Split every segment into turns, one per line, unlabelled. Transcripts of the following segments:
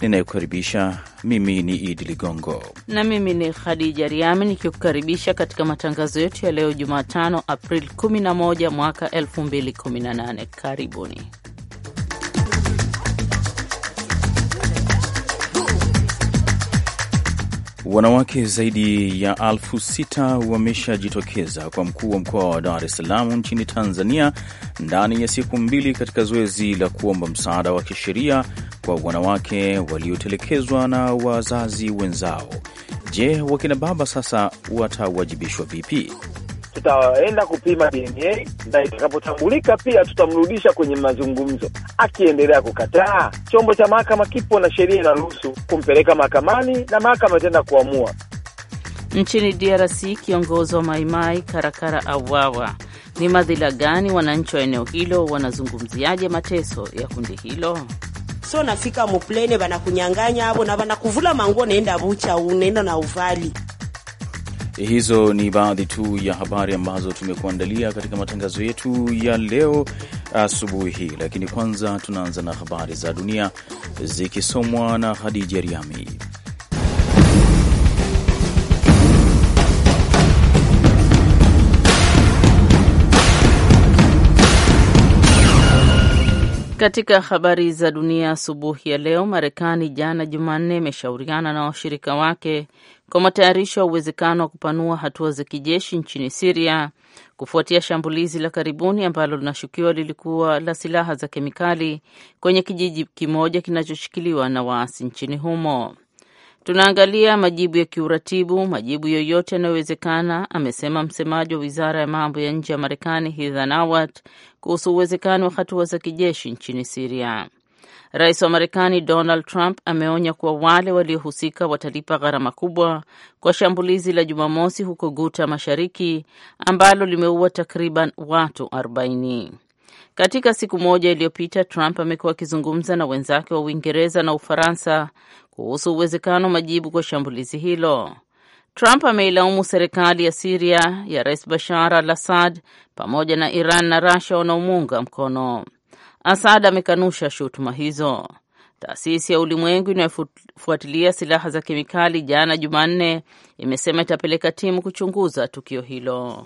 ninayekukaribisha mimi ni Idi Ligongo
na mimi ni Khadija Riami nikikukaribisha katika matangazo yetu ya leo Jumatano Aprili 11 mwaka 2018. Karibuni.
Wanawake zaidi ya alfu sita wameshajitokeza kwa mkuu wa mkoa wa Dar es Salaam nchini Tanzania ndani ya siku mbili katika zoezi la kuomba msaada wa kisheria kwa wanawake waliotelekezwa na wazazi wenzao. Je, wakina baba sasa watawajibishwa vipi?
Tutaenda kupima DNA na itakapotambulika, pia tutamrudisha kwenye mazungumzo. Akiendelea kukataa, chombo cha mahakama kipo na sheria inaruhusu kumpeleka mahakamani na mahakama itaenda kuamua.
Nchini DRC, kiongozi wa Maimai Karakara auawa. Ni madhila gani wananchi wa eneo hilo wanazungumziaje mateso ya kundi hilo? so nafika muplene banakunyanganya abo na banakuvula manguo, naenda bucha unaenda na uvali.
Hizo ni baadhi tu ya habari ambazo tumekuandalia katika matangazo yetu ya leo asubuhi hii, lakini kwanza tunaanza na habari za dunia zikisomwa na Hadija Riami.
Katika habari za dunia asubuhi ya leo, Marekani jana Jumanne imeshauriana na washirika wake kwa matayarisho ya uwezekano wa kupanua hatua za kijeshi nchini Siria kufuatia shambulizi la karibuni ambalo linashukiwa lilikuwa la silaha za kemikali kwenye kijiji kimoja kinachoshikiliwa na waasi nchini humo. Tunaangalia majibu ya kiuratibu, majibu yoyote yanayowezekana, amesema msemaji wa wizara ya mambo ya nje ya Marekani Heather Nauert kuhusu uwezekano wa hatua za kijeshi nchini Siria. Rais wa Marekani Donald Trump ameonya kuwa wale waliohusika watalipa gharama kubwa kwa shambulizi la Jumamosi huko Guta Mashariki ambalo limeua takriban watu 40. Katika siku moja iliyopita, Trump amekuwa akizungumza na wenzake wa Uingereza na Ufaransa kuhusu uwezekano majibu kwa shambulizi hilo. Trump ameilaumu serikali ya Siria ya Rais Bashar al Assad pamoja na Iran na Russia wanaomuunga mkono. Assad amekanusha shutuma hizo. Taasisi ya ulimwengu inayofuatilia silaha za kemikali jana Jumanne imesema itapeleka timu kuchunguza tukio hilo.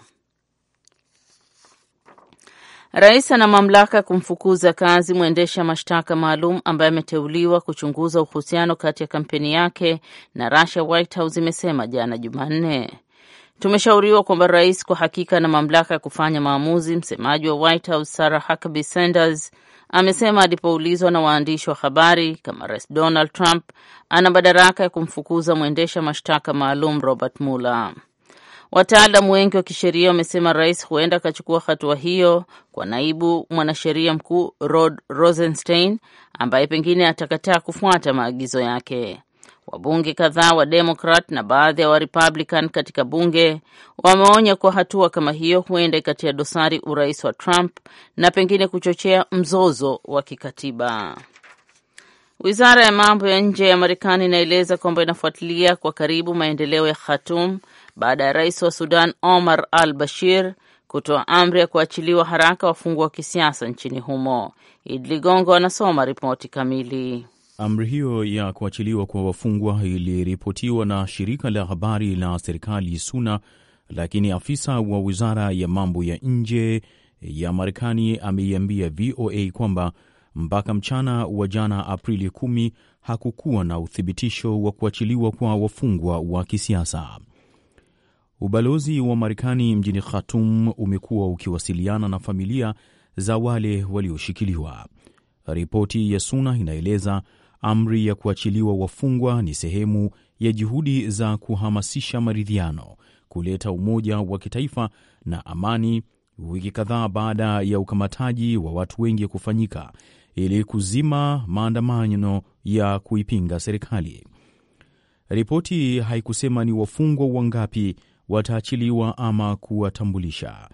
Rais ana mamlaka ya kumfukuza kazi mwendesha mashtaka maalum ambaye ameteuliwa kuchunguza uhusiano kati ya kampeni yake na Russia, White House imesema jana Jumanne. Tumeshauriwa kwamba rais kwa hakika ana mamlaka ya kufanya maamuzi, msemaji wa White House Sarah Huckabee Sanders amesema alipoulizwa na waandishi wa habari kama Rais Donald Trump ana madaraka ya kumfukuza mwendesha mashtaka maalum Robert Mueller. Wataalamu wengi wa kisheria wamesema rais huenda akachukua hatua hiyo kwa naibu mwanasheria mkuu Rod Rosenstein ambaye pengine atakataa kufuata maagizo yake. Wabunge kadhaa wa Democrat na baadhi ya wa Republican katika bunge wameonya kwa hatua kama hiyo huenda ikatia dosari urais wa Trump na pengine kuchochea mzozo wa kikatiba. Wizara ya mambo ya nje ya Marekani inaeleza kwamba inafuatilia kwa karibu maendeleo ya Khartoum baada ya rais wa Sudan Omar al Bashir kutoa amri ya kuachiliwa haraka wafungwa wa kisiasa nchini humo. id Ligongo anasoma ripoti kamili.
Amri hiyo ya kuachiliwa kwa wafungwa iliripotiwa na shirika la habari la serikali SUNA, lakini afisa wa wizara ya mambo ya nje ya Marekani ameiambia VOA kwamba mpaka mchana wa jana Aprili 10 hakukuwa na uthibitisho wa kuachiliwa kwa wafungwa wa kisiasa. Ubalozi wa Marekani mjini Khartoum umekuwa ukiwasiliana na familia za wale walioshikiliwa. Ripoti ya SUNA inaeleza amri ya kuachiliwa wafungwa ni sehemu ya juhudi za kuhamasisha maridhiano, kuleta umoja wa kitaifa na amani, wiki kadhaa baada ya ukamataji wa watu wengi kufanyika ili kuzima maandamano ya kuipinga serikali. Ripoti haikusema ni wafungwa wangapi wataachiliwa ama kuwatambulisha.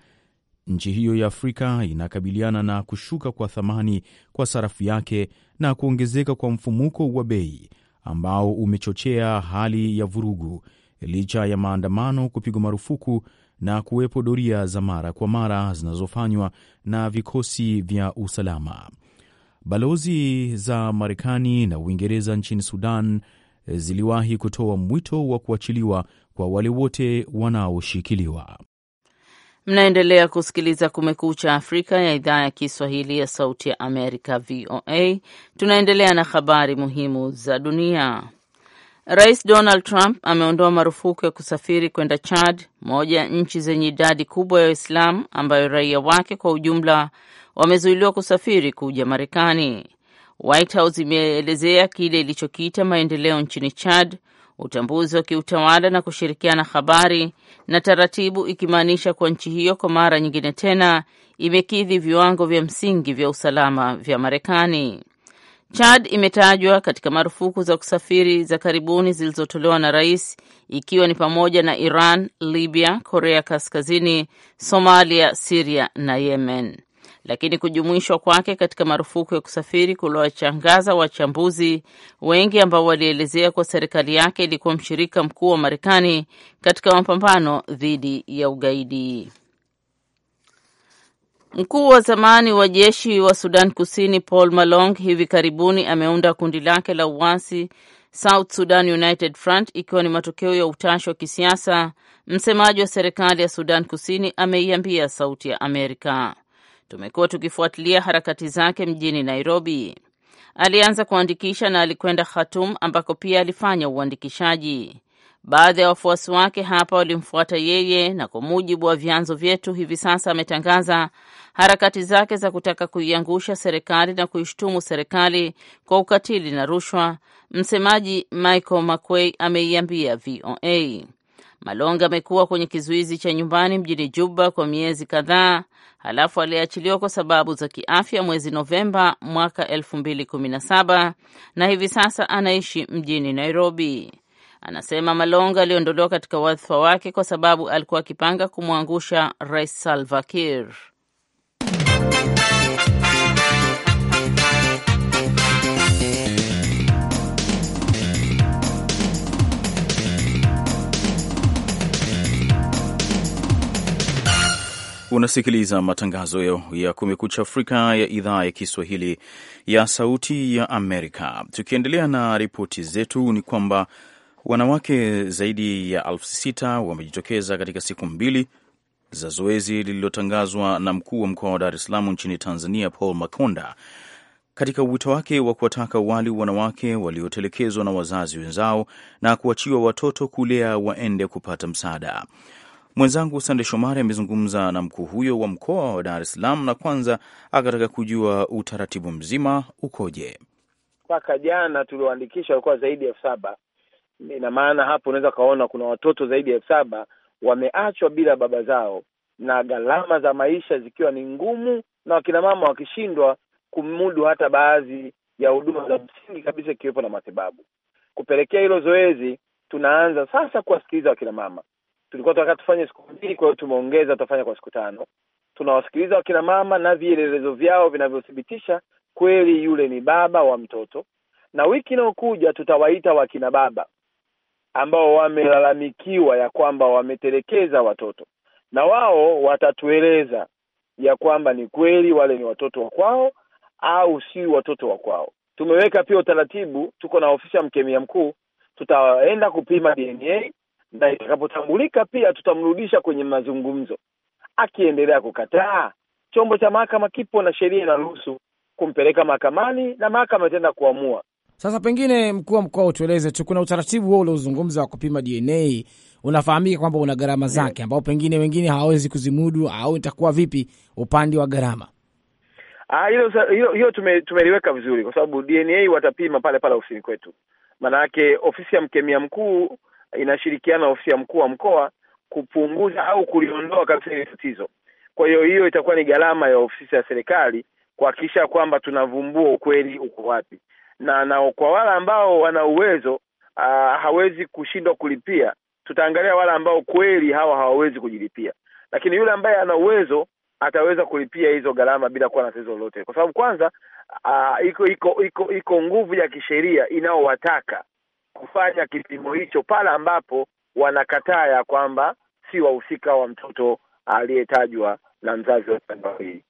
Nchi hiyo ya Afrika inakabiliana na kushuka kwa thamani kwa sarafu yake na kuongezeka kwa mfumuko wa bei ambao umechochea hali ya vurugu, licha ya maandamano kupigwa marufuku na kuwepo doria za mara kwa mara zinazofanywa na vikosi vya usalama. Balozi za Marekani na Uingereza nchini Sudan Eh, ziliwahi kutoa mwito wa kuachiliwa kwa wale wote wanaoshikiliwa.
Mnaendelea kusikiliza Kumekucha Afrika ya idhaa ya Kiswahili ya Sauti ya Amerika, VOA. Tunaendelea na habari muhimu za dunia. Rais Donald Trump ameondoa marufuku ya kusafiri kwenda Chad, moja ya nchi zenye idadi kubwa ya Waislamu ambayo raia wake kwa ujumla wamezuiliwa kusafiri kuja Marekani. White House imeelezea kile ilichokiita maendeleo nchini Chad, utambuzi wa kiutawala na kushirikiana habari na taratibu, ikimaanisha kuwa nchi hiyo kwa mara nyingine tena imekidhi viwango vya msingi vya usalama vya Marekani. Chad imetajwa katika marufuku za kusafiri za karibuni zilizotolewa na rais, ikiwa ni pamoja na Iran, Libya, Korea Kaskazini, Somalia, Siria na Yemen lakini kujumuishwa kwake katika marufuku ya kusafiri kuliwachangaza wachambuzi wengi ambao walielezea kuwa serikali yake ilikuwa mshirika mkuu wa Marekani katika mapambano dhidi ya ugaidi. Mkuu wa zamani wa jeshi wa Sudan Kusini Paul Malong hivi karibuni ameunda kundi lake la uasi South Sudan United Front ikiwa ni matokeo ya utashi wa kisiasa, msemaji wa serikali ya Sudan Kusini ameiambia Sauti ya Amerika. Tumekuwa tukifuatilia harakati zake mjini Nairobi. Alianza kuandikisha na alikwenda Khatum ambako pia alifanya uandikishaji. Baadhi ya wafuasi wake hapa walimfuata yeye, na kwa mujibu wa vyanzo vyetu, hivi sasa ametangaza harakati zake za kutaka kuiangusha serikali na kuishutumu serikali kwa ukatili na rushwa. Msemaji Michael Makwei ameiambia VOA Malonga amekuwa kwenye kizuizi cha nyumbani mjini Juba kwa miezi kadhaa, halafu aliachiliwa kwa sababu za kiafya mwezi Novemba mwaka 2017 na hivi sasa anaishi mjini Nairobi. Anasema Malonga aliondolewa katika wadhifa wake kwa sababu alikuwa akipanga kumwangusha Rais Salva Kiir.
Unasikiliza matangazo ya, Kumekucha Afrika ya idhaa ya Kiswahili ya Sauti ya Amerika. Tukiendelea na ripoti zetu, ni kwamba wanawake zaidi ya elfu sita wamejitokeza katika siku mbili za zoezi lililotangazwa na mkuu wa mkoa wa Dar es Salaam nchini Tanzania, Paul Makonda, katika wito wake wa kuwataka wali wanawake waliotelekezwa na wazazi wenzao na kuachiwa watoto kulea waende kupata msaada. Mwenzangu Sande Shomari amezungumza na mkuu huyo wa mkoa wa Dar es Salaam na kwanza akataka kujua utaratibu mzima ukoje.
Mpaka jana tulioandikisha walikuwa zaidi ya elfu saba. Ina maana hapo unaweza ukaona kuna watoto zaidi ya elfu saba wameachwa bila baba zao, na gharama za maisha zikiwa ni ngumu, na wakinamama wakishindwa kumudu hata baadhi ya huduma za msingi kabisa, ikiwepo na matibabu. Kupelekea hilo zoezi, tunaanza sasa kuwasikiliza wakinamama tulikuwa tunataka tufanye siku mbili, kwa hiyo tumeongeza, tutafanya kwa siku tano. Tunawasikiliza wakina mama na vielelezo vyao vinavyothibitisha kweli yule ni baba wa mtoto, na wiki inayokuja tutawaita wakina baba ambao wamelalamikiwa ya kwamba wametelekeza watoto, na wao watatueleza ya kwamba ni kweli wale ni watoto wa kwao au si watoto wa kwao. Tumeweka pia utaratibu, tuko na ofisi ya mkemia mkuu, tutaenda kupima DNA na itakapotambulika pia tutamrudisha kwenye mazungumzo. Akiendelea kukataa, chombo cha mahakama kipo na sheria inaruhusu kumpeleka mahakamani na mahakama itaenda kuamua.
Sasa pengine, mkuu wa mkoa, utueleze tu, kuna utaratibu huo uliozungumza wa kupima DNA, unafahamika kwamba una gharama zake, ambao pengine wengine hawawezi kuzimudu, au itakuwa vipi upande wa gharama?
Ah, hilo tume, tumeliweka vizuri, kwa sababu DNA watapima pale pale ofisini kwetu, maanake ofisi ya mkemia mkuu inashirikiana ofisi ya mkuu wa mkoa kupunguza au kuliondoa kabisa hili tatizo. Kwa hiyo hiyo itakuwa ni gharama ya ofisi ya serikali kuhakikisha kwamba tunavumbua ukweli uko wapi, na na kwa wale ambao wana uwezo ah, hawezi kushindwa kulipia, tutaangalia wale ambao kweli hawa hawawezi kujilipia, lakini yule ambaye ana uwezo ataweza kulipia hizo gharama bila kuwa na tatizo lolote, kwa sababu kwanza ah, iko iko iko iko nguvu ya kisheria inaowataka kufanya kipimo hicho pale ambapo wanakataa ya kwamba si wahusika wa mtoto aliyetajwa na mzazi wa tendo hili,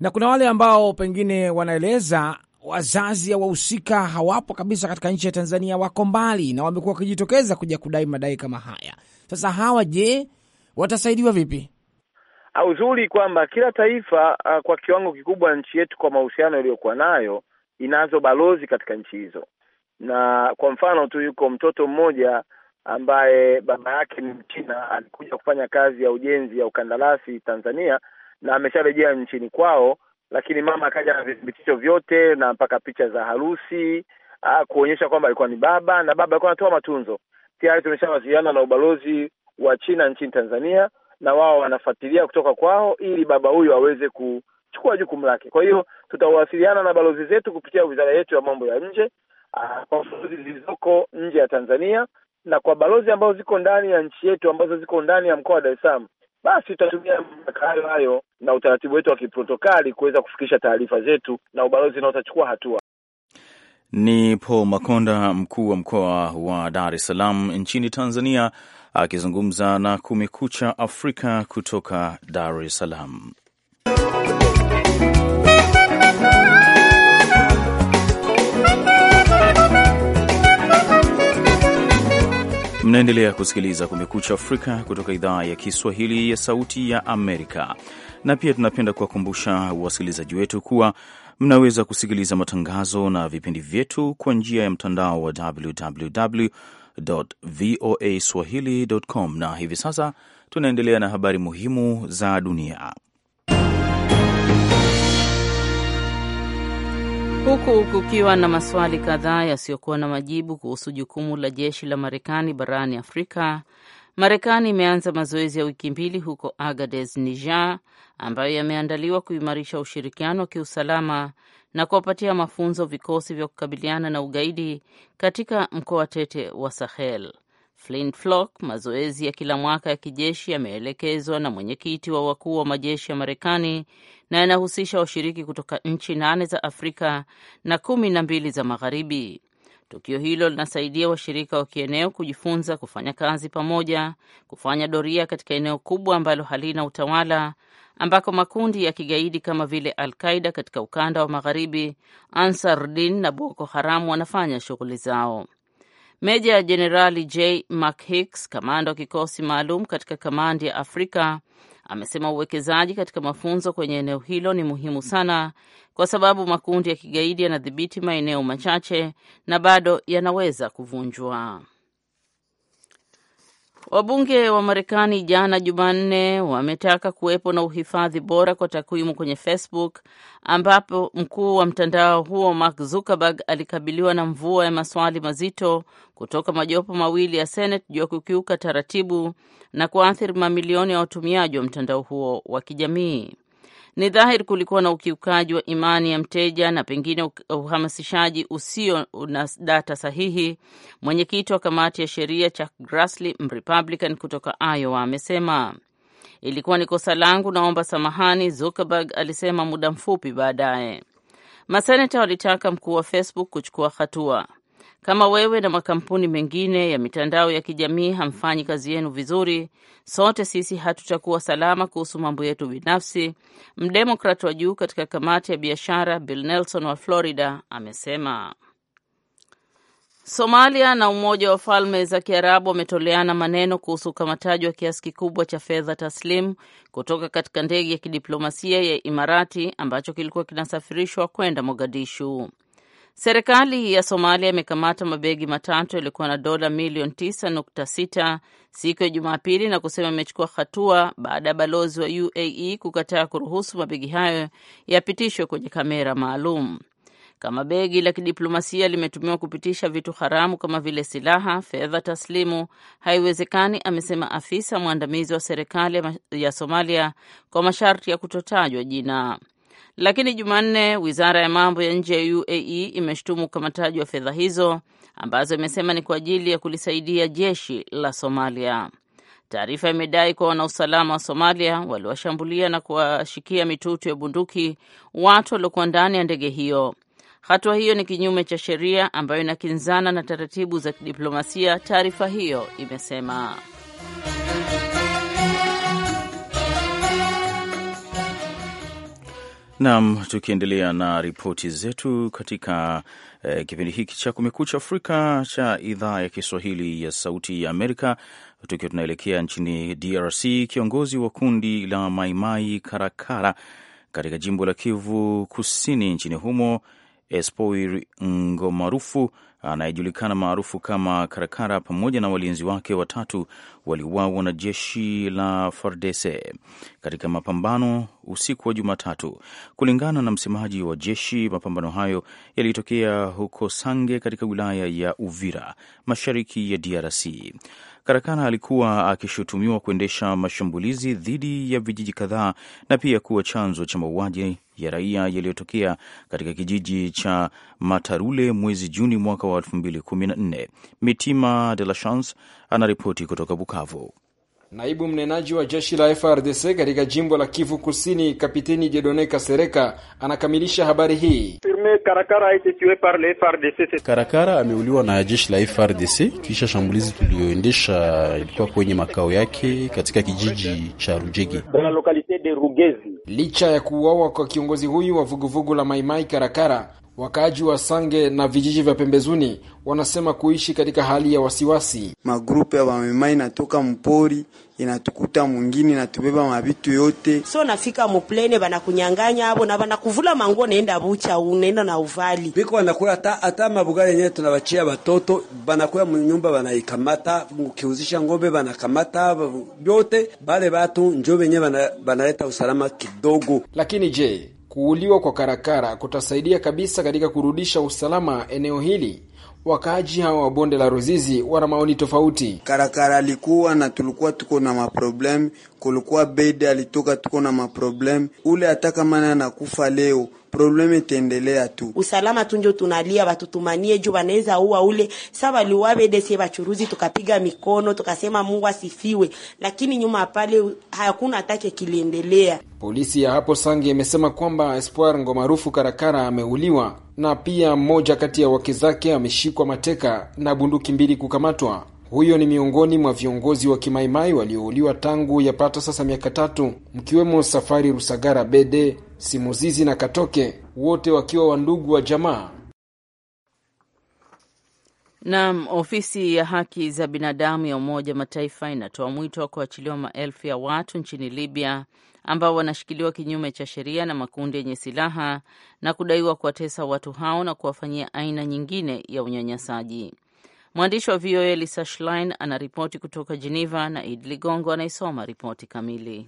na kuna wale ambao pengine wanaeleza wazazi au wahusika hawapo kabisa katika nchi ya Tanzania, wako mbali na wamekuwa wakijitokeza kuja kudai madai kama haya. Sasa hawa je, watasaidiwa vipi?
Uzuri kwamba kila taifa uh, kwa kiwango kikubwa nchi yetu kwa mahusiano iliyokuwa nayo inazo balozi katika nchi hizo na kwa mfano tu, yuko mtoto mmoja ambaye baba yake ni Mchina, alikuja kufanya kazi ya ujenzi ya ukandarasi Tanzania na amesharejea nchini kwao, lakini mama akaja na vithibitisho vyote na mpaka picha za harusi ah, kuonyesha kwamba alikuwa ni baba, na baba alikuwa anatoa matunzo. Tayari tumeshawasiliana na ubalozi wa China nchini Tanzania, na wao wanafuatilia kutoka kwao ili baba huyu aweze kuchukua jukumu lake. Kwa hiyo tutawasiliana na balozi zetu kupitia wizara yetu ya mambo ya nje uh, kwa balozi zilizoko nje ya Tanzania na kwa balozi ambazo ziko ndani ya nchi yetu ambazo ziko ndani ya mkoa wa Dar es Salaam, basi tutatumia mamlaka hayo hayo na utaratibu wetu wa kiprotokali kuweza kufikisha taarifa zetu na ubalozi na utachukua hatua.
Ni Paul Makonda, mkuu wa mkoa wa Dar es Salaam nchini Tanzania, akizungumza na Kumekucha Afrika kutoka Dar es Salaam. Mnaendelea kusikiliza Kumekucha Afrika kutoka idhaa ya Kiswahili ya Sauti ya Amerika. Na pia tunapenda kuwakumbusha wasikilizaji wetu kuwa mnaweza kusikiliza matangazo na vipindi vyetu kwa njia ya mtandao wa www.voaswahili.com, na hivi sasa tunaendelea na habari muhimu za dunia.
huku kukiwa na maswali kadhaa yasiyokuwa na majibu kuhusu jukumu la jeshi la Marekani barani Afrika. Marekani imeanza mazoezi ya wiki mbili huko agades Niger, ambayo yameandaliwa kuimarisha ushirikiano wa kiusalama na kuwapatia mafunzo vikosi vya kukabiliana na ugaidi katika mkoa tete wa Sahel. Flint Flock. Mazoezi ya kila mwaka ya kijeshi yameelekezwa na mwenyekiti wa wakuu wa majeshi ya Marekani na yanahusisha washiriki kutoka nchi nane za Afrika na kumi na mbili za Magharibi. Tukio hilo linasaidia washirika wa kieneo kujifunza kufanya kazi pamoja, kufanya doria katika eneo kubwa ambalo halina utawala, ambako makundi ya kigaidi kama vile Al-Qaida katika ukanda wa Magharibi, Ansar Din na Boko Haramu wanafanya shughuli zao. Meja ya Jenerali J McHicks, kamanda wa kikosi maalum katika kamandi ya Afrika, amesema uwekezaji katika mafunzo kwenye eneo hilo ni muhimu sana, kwa sababu makundi ya kigaidi yanadhibiti maeneo machache na bado yanaweza kuvunjwa. Wabunge wa Marekani jana Jumanne wametaka kuwepo na uhifadhi bora kwa takwimu kwenye Facebook ambapo mkuu wa mtandao huo Mark Zuckerberg alikabiliwa na mvua ya maswali mazito kutoka majopo mawili ya Senate juu ya kukiuka taratibu na kuathiri mamilioni ya watumiaji wa mtandao huo wa kijamii. Ni dhahiri kulikuwa na ukiukaji wa imani ya mteja na pengine uhamasishaji usio na data sahihi, mwenyekiti wa kamati ya sheria Chuck Grassley, Mrepublican kutoka Iowa, amesema. Ilikuwa ni kosa langu, naomba samahani, Zuckerberg alisema muda mfupi baadaye. Maseneta walitaka mkuu wa Facebook kuchukua hatua. Kama wewe na makampuni mengine ya mitandao ya kijamii hamfanyi kazi yenu vizuri, sote sisi hatutakuwa salama kuhusu mambo yetu binafsi, mdemokrat wa juu katika kamati ya biashara Bill Nelson wa Florida amesema. Somalia na Umoja wa Falme za Kiarabu wametoleana maneno kuhusu ukamataji wa kiasi kikubwa cha fedha taslimu kutoka katika ndege ya kidiplomasia ya Imarati ambacho kilikuwa kinasafirishwa kwenda Mogadishu. Serikali ya Somalia imekamata mabegi matatu yaliyokuwa na dola milioni 9.6 siku ya Jumapili na kusema imechukua hatua baada ya balozi wa UAE kukataa kuruhusu mabegi hayo yapitishwe kwenye kamera maalum. Kama begi la kidiplomasia limetumiwa kupitisha vitu haramu kama vile silaha, fedha taslimu, haiwezekani, amesema afisa mwandamizi wa serikali ya Somalia kwa masharti ya kutotajwa jina. Lakini Jumanne, wizara ya mambo ya nje ya UAE imeshutumu ukamataji wa fedha hizo ambazo imesema ni kwa ajili ya kulisaidia jeshi la Somalia. Taarifa imedai kuwa wanausalama wa Somalia waliwashambulia na kuwashikia mitutu ya bunduki watu waliokuwa ndani ya ndege hiyo. Hatua hiyo ni kinyume cha sheria ambayo inakinzana na taratibu za kidiplomasia, taarifa hiyo imesema.
Naam, tukiendelea na ripoti zetu katika eh, kipindi hiki cha Kumekucha Afrika cha idhaa ya Kiswahili ya Sauti ya Amerika, tukiwa tunaelekea nchini DRC. Kiongozi wa kundi la Maimai Karakara katika jimbo la Kivu Kusini nchini humo, Espoir Ngomarufu anayejulikana maarufu kama Karakara pamoja na walinzi wake watatu waliuawa na jeshi la fardese katika mapambano usiku wa Jumatatu, kulingana na msemaji wa jeshi. Mapambano hayo yalitokea huko Sange katika wilaya ya Uvira, mashariki ya DRC. Karakana alikuwa akishutumiwa kuendesha mashambulizi dhidi ya vijiji kadhaa na pia kuwa chanzo cha mauaji ya raia yaliyotokea katika kijiji cha Matarule mwezi Juni mwaka wa 2014. Mitima de la Chance anaripoti kutoka Bukavu.
Naibu mnenaji wa jeshi la FRDC katika jimbo la Kivu Kusini, Kapiteni Jedone Kasereka anakamilisha habari hii.
Karakara ameuliwa na jeshi la FRDC kisha shambulizi tuliyoendesha ilikuwa kwenye makao yake katika kijiji cha Rujege.
Licha ya kuuawa kwa kiongozi huyu wa vuguvugu la Maimai Karakara Wakaaji wa Sange na vijiji vya pembezuni wanasema kuishi katika hali ya wasiwasi.
Magrupu ya wamema inatoka mpori inatukuta mwingine inatubeba mabitu yote, so nafika muplene banakunyanganya abo na banakuvula manguo, naenda bucha unaenda
na uvali viko banakula hata hata mabugari yenyewe tunabachia batoto banakuya munyumba banaikamata, ukiuzisha ngombe banakamata vyote, bale batu njo venye banaleta usalama kidogo. Lakini je kuuliwa kwa Karakara kutasaidia kabisa katika kurudisha usalama eneo hili. Wakaaji hawa wa bonde la Ruzizi wana maoni tofauti. Karakara alikuwa na tulikuwa tuko na maproblem, kulikuwa Bede alitoka tuko na maproblem, ule hata kama anakufa leo probleme itaendelea tu.
Usalama tunjo tunalia watutumanie juu wanaweza uwa ule sa waliwabedesi bachuruzi, tukapiga mikono tukasema Mungu asifiwe, lakini nyuma pale hakuna atake kiliendelea.
Polisi ya hapo sangi imesema kwamba Espoir maarufu Karakara ameuliwa na pia mmoja kati ya wake zake ameshikwa mateka na bunduki mbili kukamatwa. Huyo ni miongoni mwa viongozi wa Kimaimai waliouliwa tangu yapata sasa miaka tatu, mkiwemo Safari Rusagara Bede, Simuzizi na Katoke, wote wakiwa wandugu wa jamaa.
Naam, ofisi ya haki za binadamu ya Umoja Mataifa inatoa mwito wa kuachiliwa maelfu ya watu nchini Libya ambao wanashikiliwa kinyume cha sheria na makundi yenye silaha na kudaiwa kuwatesa watu hao na kuwafanyia aina nyingine ya unyanyasaji. Mwandishi wa VOA Lisa Schlein anaripoti kutoka Geneva na Idi Ligongo anaisoma ripoti kamili.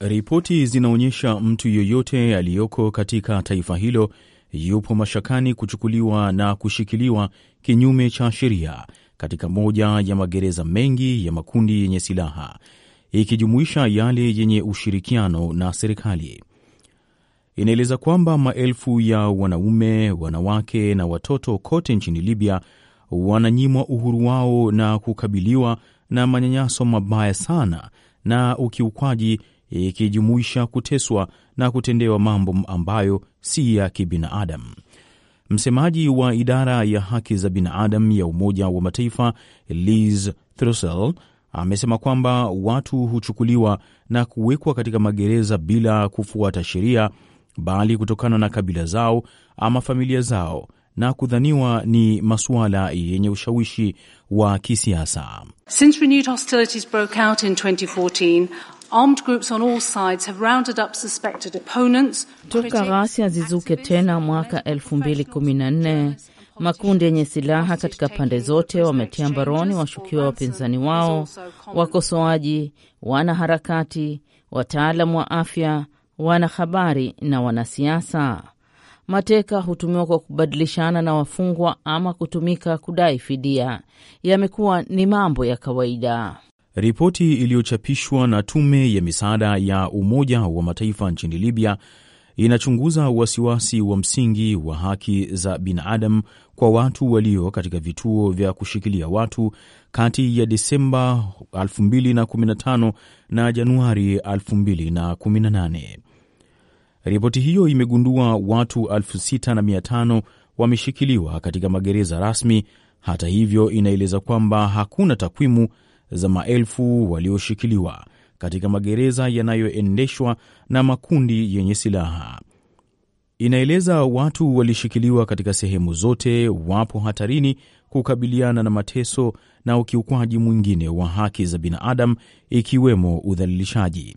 Ripoti zinaonyesha mtu yoyote aliyoko katika taifa hilo yupo mashakani kuchukuliwa na kushikiliwa kinyume cha sheria katika moja ya magereza mengi ya makundi yenye silaha ikijumuisha yale yenye ushirikiano na serikali. Inaeleza kwamba maelfu ya wanaume, wanawake na watoto kote nchini Libya wananyimwa uhuru wao na kukabiliwa na manyanyaso mabaya sana na ukiukwaji, ikijumuisha kuteswa na kutendewa mambo ambayo si ya kibinadamu. Msemaji wa idara ya haki za binadamu ya Umoja wa Mataifa Liz Throssell amesema kwamba watu huchukuliwa na kuwekwa katika magereza bila kufuata sheria, bali kutokana na kabila zao ama familia zao na kudhaniwa ni masuala yenye ushawishi wa kisiasa. Since renewed hostilities broke out in 2014, armed groups on all sides have rounded up suspected opponents.
Toka ghasia zizuke tena mwaka 2014, makundi yenye silaha katika pande zote wametia mbaroni washukiwa wapinzani wao, wakosoaji, wanaharakati, wataalam wa afya, wanahabari na wanasiasa. Mateka hutumiwa kwa kubadilishana na wafungwa ama kutumika kudai fidia, yamekuwa ni mambo ya kawaida.
Ripoti iliyochapishwa na tume ya misaada ya Umoja wa Mataifa nchini Libya inachunguza wasiwasi wa msingi wa haki za binadamu kwa watu walio katika vituo vya kushikilia watu kati ya Desemba 2015 na Januari 2018. Ripoti hiyo imegundua watu 6500 wameshikiliwa katika magereza rasmi. Hata hivyo, inaeleza kwamba hakuna takwimu za maelfu walioshikiliwa katika magereza yanayoendeshwa na makundi yenye silaha. Inaeleza watu walishikiliwa katika sehemu zote wapo hatarini kukabiliana na mateso na ukiukwaji mwingine wa haki za binadamu ikiwemo udhalilishaji.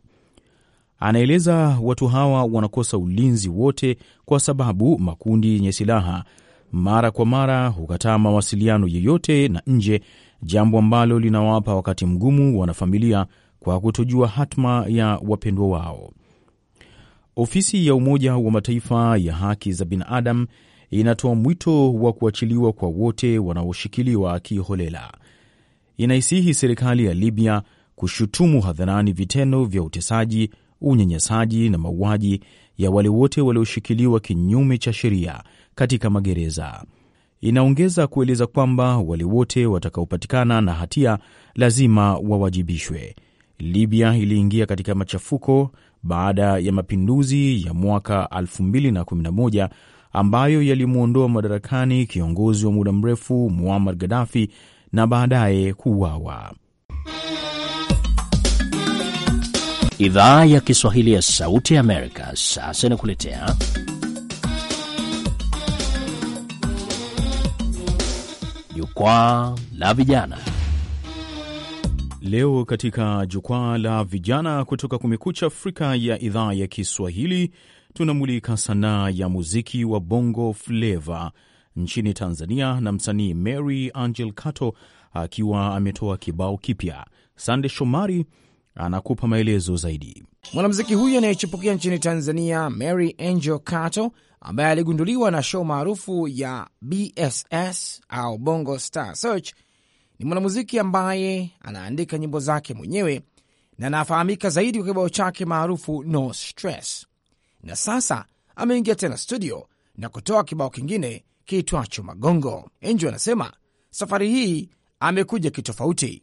Anaeleza watu hawa wanakosa ulinzi wote kwa sababu makundi yenye silaha mara kwa mara hukataa mawasiliano yeyote na nje, jambo ambalo linawapa wakati mgumu wanafamilia kwa kutojua hatma ya wapendwa wao. Ofisi ya Umoja wa Mataifa ya haki za binadamu inatoa mwito wa kuachiliwa kwa wote wanaoshikiliwa kiholela. Inaisihi serikali ya Libya kushutumu hadharani vitendo vya utesaji unyanyasaji na mauaji ya wale wote walioshikiliwa kinyume cha sheria katika magereza. Inaongeza kueleza kwamba wale wote watakaopatikana na hatia lazima wawajibishwe. Libya iliingia katika machafuko baada ya mapinduzi ya mwaka 2011 ambayo yalimwondoa madarakani kiongozi wa muda mrefu Muammar Gaddafi na baadaye kuuawa. Idhaa ya Kiswahili ya Sauti ya Amerika sasa inakuletea Jukwaa la Vijana. Leo katika Jukwaa la Vijana kutoka Kumekucha Afrika ya Idhaa ya Kiswahili tunamulika sanaa ya muziki wa Bongo Fleva nchini Tanzania, na msanii Mary Angel Kato akiwa ametoa kibao kipya. Sande Shomari anakupa maelezo zaidi.
Mwanamuziki huyu anayechipukia nchini Tanzania, Mary Angel Cato, ambaye aligunduliwa na show maarufu ya BSS au Bongo Star Search, ni mwanamuziki ambaye anaandika nyimbo zake mwenyewe na anafahamika zaidi kwa kibao chake maarufu No Stress, na sasa ameingia tena studio na kutoa kibao kingine kiitwacho Magongo. Angel anasema safari hii amekuja kitofauti.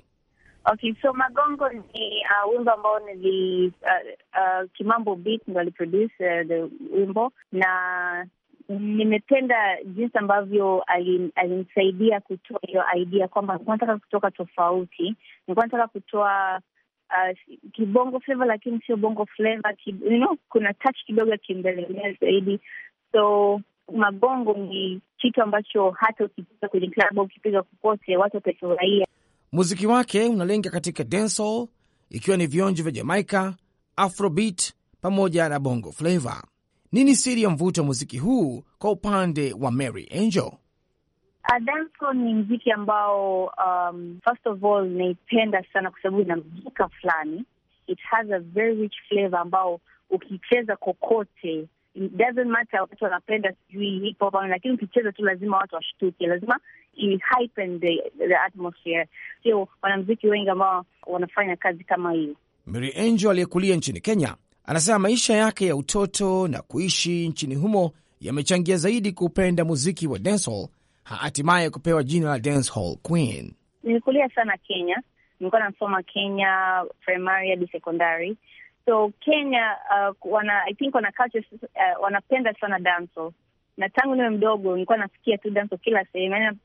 Okay, so Magongo ni uh, wimbo ambao nili uh, uh, Kimambo Beat ndo aliproduce uh, the wimbo na nimependa jinsi ambavyo alinisaidia kutoa hiyo idea kwamba nilikuwa nataka kutoka tofauti, nilikuwa nataka kutoa uh, kibongo flavor lakini sio bongo flavor ki, you know, kuna touch kidogo ya kimbelelea zaidi. So magongo ni kitu ambacho hata ukipiga kwenye klabu, ukipiga kokote, watu watafurahia.
Muziki wake unalenga katika dancehall, ikiwa ni vionjo vya Jamaica, afrobeat pamoja na bongo flava. Nini siri ya mvuto wa muziki huu kwa upande wa Mary Angel?
Uh, dancehall ni mziki ambao um, first of all naipenda sana kwa sababu ina mzika fulani, it has a very rich flavor ambao ukicheza kokote doesn't matter watu wanapenda sijui hip hop, lakini ukicheza tu lazima watu washtuke, lazima the, the atmosphere. Sio wanamziki wengi ambao wanafanya kazi kama hiyo.
Mary Angel aliyekulia nchini Kenya anasema maisha yake ya utoto na kuishi nchini humo yamechangia zaidi kupenda muziki wa dancehall, hatimaye kupewa jina la dancehall queen.
Nilikulia sana Kenya, nilikuwa nasoma Kenya primary hadi secondary so Kenya uh, wana I think wana culture uh, wanapenda sana danso, na tangu niwe mdogo nilikuwa nasikia tu danso kila sehemu, yani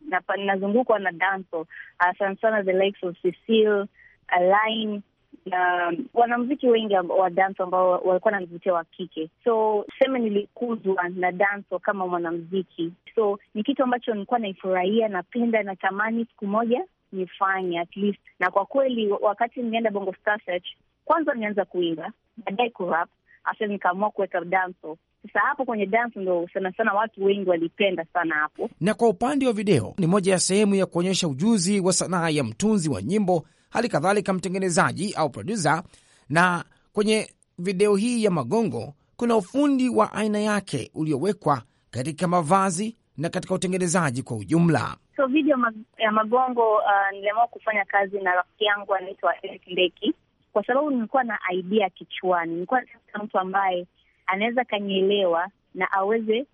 nazungukwa na, na, na danso uh, sana sana the likes of Cecil Aline na wanamziki wengi wa danso ambao walikuwa wananivutia wa kike, so seme nilikuzwa na danso kama mwanamziki, so ni kitu ambacho nilikuwa naifurahia, napenda, natamani siku moja nifanye at least. Na kwa kweli wakati nilienda Bongo Star Search kwanza nianza kuimba, baadaye kurap, hasa nikaamua kuweka danso. Sasa hapo kwenye danso ndo sana sana watu wengi walipenda
sana hapo. Na kwa upande wa video, ni moja ya sehemu ya kuonyesha ujuzi wa sanaa ya mtunzi wa nyimbo, hali kadhalika mtengenezaji au produsa. Na kwenye video hii ya Magongo kuna ufundi wa aina yake uliowekwa katika mavazi na katika utengenezaji kwa ujumla.
So video ya Magongo, uh, niliamua kufanya kazi na rafiki yangu anaitwa Eric Ndeki kwa sababu nilikuwa na idea kichwani, nilikuwa mtu ambaye anaweza akanielewa na aweze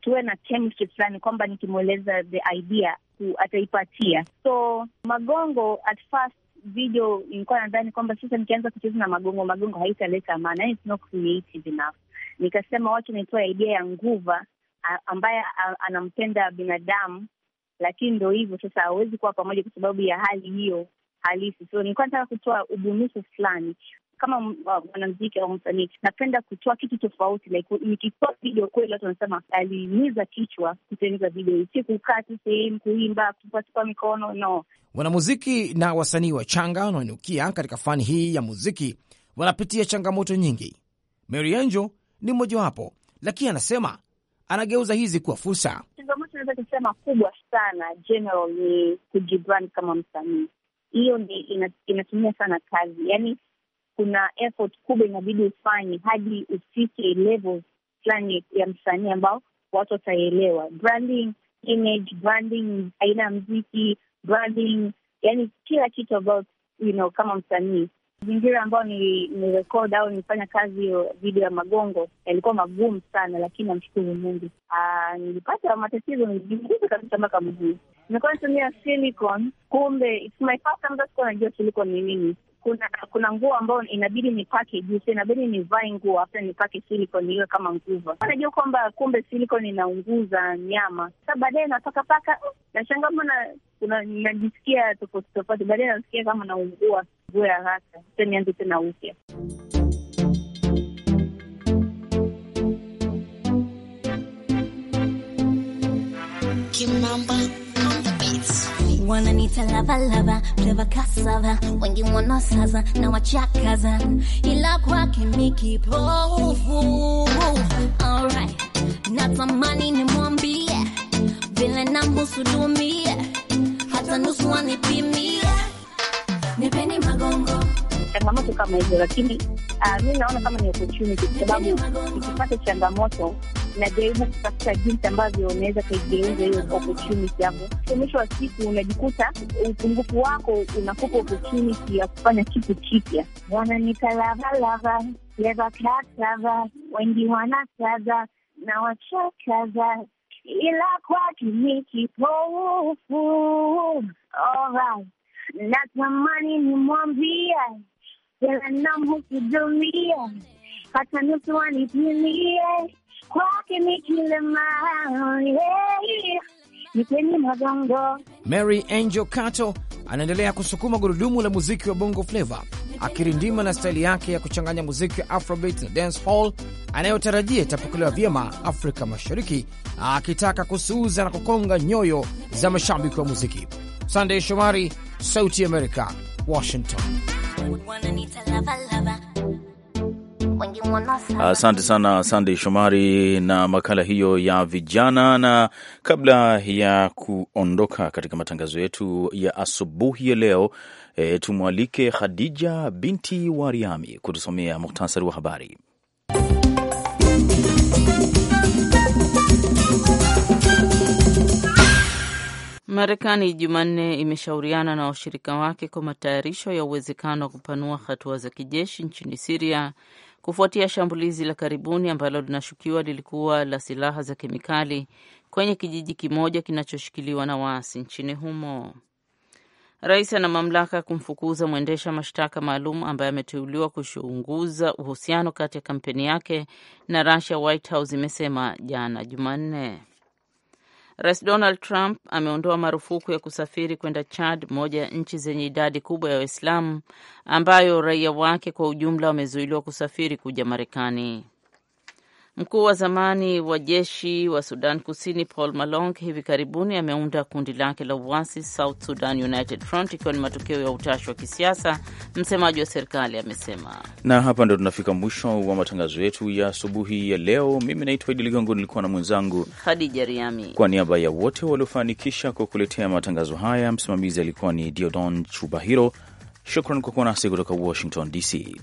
tuwe na chemistry fulani kwamba nikimweleza the idea ataipatia. So Magongo at first video nilikuwa nadhani kwamba sasa nikianza kucheza na Magongo, Magongo haitaleta amana, yani it's not creative enough. Nikasema wacha nitoa idea ya Nguva ambaye anampenda binadamu, lakini ndo hivyo sasa, hawezi kuwa pamoja kwa sababu ya hali hiyo halisi. So nilikuwa nataka kutoa ubunifu fulani kama uh, mwanamziki au msanii, napenda kutoa kitu tofauti. Like nikitoa video kweli, watu wanasema aliniza kichwa kutengeneza video si kukaa tu sehemu kuimba kupatupa mikono no.
Wanamuziki na wasanii wachanga wanaonukia katika fani hii ya muziki wanapitia changamoto nyingi. Mary Angel ni mmojawapo, lakini anasema anageuza hizi kuwa fursa.
Changamoto naweza kusema kubwa sana general ni kujibrand kama msanii hiyo ndi inatumia sana kazi, yaani kuna effort kubwa inabidi ufanye hadi ufike level fulani ya msanii ambao watu wataielewa. Branding image, branding aina ya mziki, branding yani kila kitu about you know, kama msanii. Mazingira ambayo ni, ni record au nifanya kazi video ya Magongo yalikuwa magumu sana, lakini namshukuru Mungu ah, nilipata matatizo, nilijumuliza kabisa mpaka mguu Nilikuwa natumia silicon, kumbe it's my first time hata sikuwa najua silicone ni nini. Kuna kuna nguo ambayo inabidi nipake juisi, inabidi nivae nguo after nipake silicon iwe kama nguva. Najua kwamba kumbe silicon inaunguza nyama, sa baadaye napakapaka, nashanga mbona najisikia tofauti tofauti, baadaye nasikia kama naungua nguo ya haraka, nianze tena upya.
Kimamba. Wananita lava lava, pleva kasava, wengi wanasaza na wachakaza, ila kwake ni
kipofu. Alright, natamani nimwambie
vile namhusudumie, hata nusu anipimie, nipeni magongo changamoto kama hizo, lakini uh, ah, mi naona kama ni opportunity, kwa sababu ikipata changamoto najaribu kutafuta jinsi ambavyo unaweza kaigeuza hiyo opportunity yako. Mwisho wa siku unajikuta upungufu wako unakupa opportunity ya kufanya kitu kipya. Wananitalavalava levakatava wengi kaza na wachakaza ila kwake ni kipofu. Alright, natamani nimwambia tena namhudumia hata nusu wanipimie
Mary Angel Cato anaendelea kusukuma gurudumu la muziki wa Bongo Flava akirindima na staili yake ya kuchanganya muziki wa afrobeat na dance hall anayotarajia itapokelewa vyema Afrika Mashariki, akitaka kusuuza na kukonga nyoyo za mashabiki wa muziki. Sandey Shomari, Sauti ya Amerika, Washington.
Asante sana Sandey Shomari na makala hiyo ya vijana. Na kabla ya kuondoka katika matangazo yetu ya asubuhi ya leo, e, tumwalike Khadija binti Wariami kutusomea muhtasari wa habari.
Marekani Jumanne imeshauriana na washirika wake kwa matayarisho ya uwezekano wa kupanua hatua za kijeshi nchini Siria kufuatia shambulizi la karibuni ambalo linashukiwa lilikuwa la silaha za kemikali kwenye kijiji kimoja kinachoshikiliwa na waasi nchini humo. Rais ana mamlaka ya kumfukuza mwendesha mashtaka maalum ambaye ameteuliwa kuchunguza uhusiano kati ya kampeni yake na Russia, White House imesema jana Jumanne. Rais Donald Trump ameondoa marufuku ya kusafiri kwenda Chad, moja ya nchi zenye idadi kubwa ya Waislamu ambayo raia wake kwa ujumla wamezuiliwa kusafiri kuja Marekani. Mkuu wa zamani wa jeshi wa Sudan Kusini Paul Malong hivi karibuni ameunda kundi lake la uasi South Sudan United Front, ikiwa ni matokeo ya utashi wa kisiasa, msemaji wa serikali amesema.
Na hapa ndo tunafika mwisho wa matangazo yetu ya asubuhi ya leo. Mimi naitwa Idi Ligongo, nilikuwa na mwenzangu
Hadija Riami.
Kwa niaba ya wote waliofanikisha kwa kuletea matangazo haya, msimamizi alikuwa ni Diodon Chubahiro. Shukran kwa kuwa nasi kutoka Washington DC.